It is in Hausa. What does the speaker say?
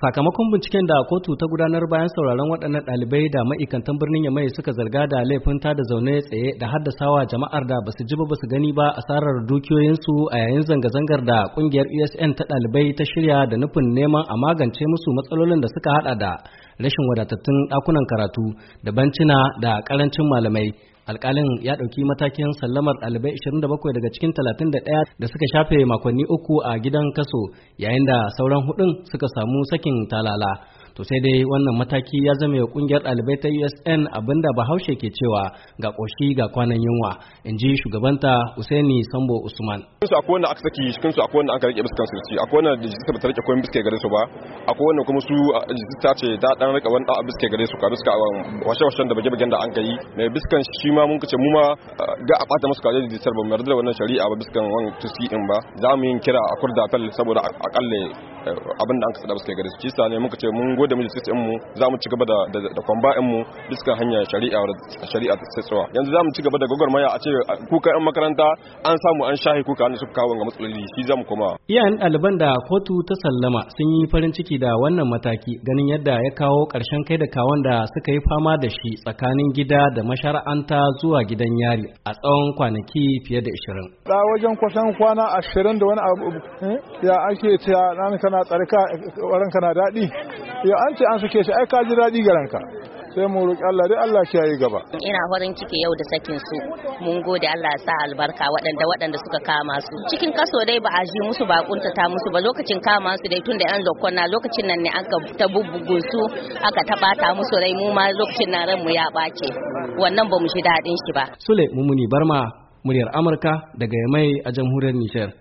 sakamakon binciken da kotu ta gudanar bayan sauraron waɗannan ɗalibai da ma'aikatan birnin yamai suka zarga da laifin ta da zaune tsaye da haddasawa jama'ar da basu ji ba basu gani ba asarar dukiyoyinsu a yayin zanga-zangar da ƙungiyar usn e ta ɗalibai ta shirya da nufin neman a magance musu matsalolin da suka haɗa da rashin wadatattun ɗakunan karatu da bancina da ƙarancin malamai alƙalin ya ɗauki matakin sallamar ɗalibai 27 daga cikin 31 da suka shafe makonni uku a gidan kaso yayin da sauran hudun suka samu sakin talala to sai dai wannan mataki ya zama ya kungiyar ɗalibai ta usn abinda bahaushe ke cewa ga ƙoshi ga kwanan yunwa in ji shugabanta usaini sambo usman su akwai wanda aka saki su akwai wanda aka rike biskan su ci akwai wanda jijita ba ta rike koyin biske gare su ba akwai wanda kuma su ta ce da dan rike wani a biske gare su biska suka um, washe-washen da bage-bagen da an kai mai biskan shi ma mun kace mu ma ga a bata musu kaje jijitar ba mu yarda da wannan shari'a ba biskan wani tusi din ba za mu yin kira a kurda saboda akalle abin da an kasa da suke gare su sa ne muka ce mun gode majalisar ɗin mu za mu ci gaba da da kwamba ɗin mu bisa hanya shari'a shari'a ta tsayawa yanzu za mu ci gaba da gwagwarmaya a ce kuka ɗan makaranta an samu an shahi kuka ne suka kawo ga matsaloli shi za mu koma iyayen ɗaliban da kotu ta sallama sun yi farin ciki da wannan mataki ganin yadda ya kawo ƙarshen kai da kawon da suka yi fama da shi tsakanin gida da mashara'anta zuwa gidan yari a tsawon kwanaki fiye da 20 da wajen kwasan kwana 20 da wani abu eh, ya ake ta na kana tsarka ranka na daɗi ya an ce an suke shi ai ji daɗi ga ranka sai mu roƙi Allah dai Allah gaba ina farin ciki yau da sakin su mun gode Allah ya sa albarka waɗanda waɗanda suka kama su cikin kaso dai ba a ji musu ba ta musu ba lokacin kama su dai tun da yan lokona lokacin nan ne aka ta bubbugo su aka ta musu rai mu ma lokacin nan ran mu ya ɓace wannan ba mu shi daɗin shi ba Sule Mumuni Barma muryar Amurka daga mai a jamhuriyar Nijar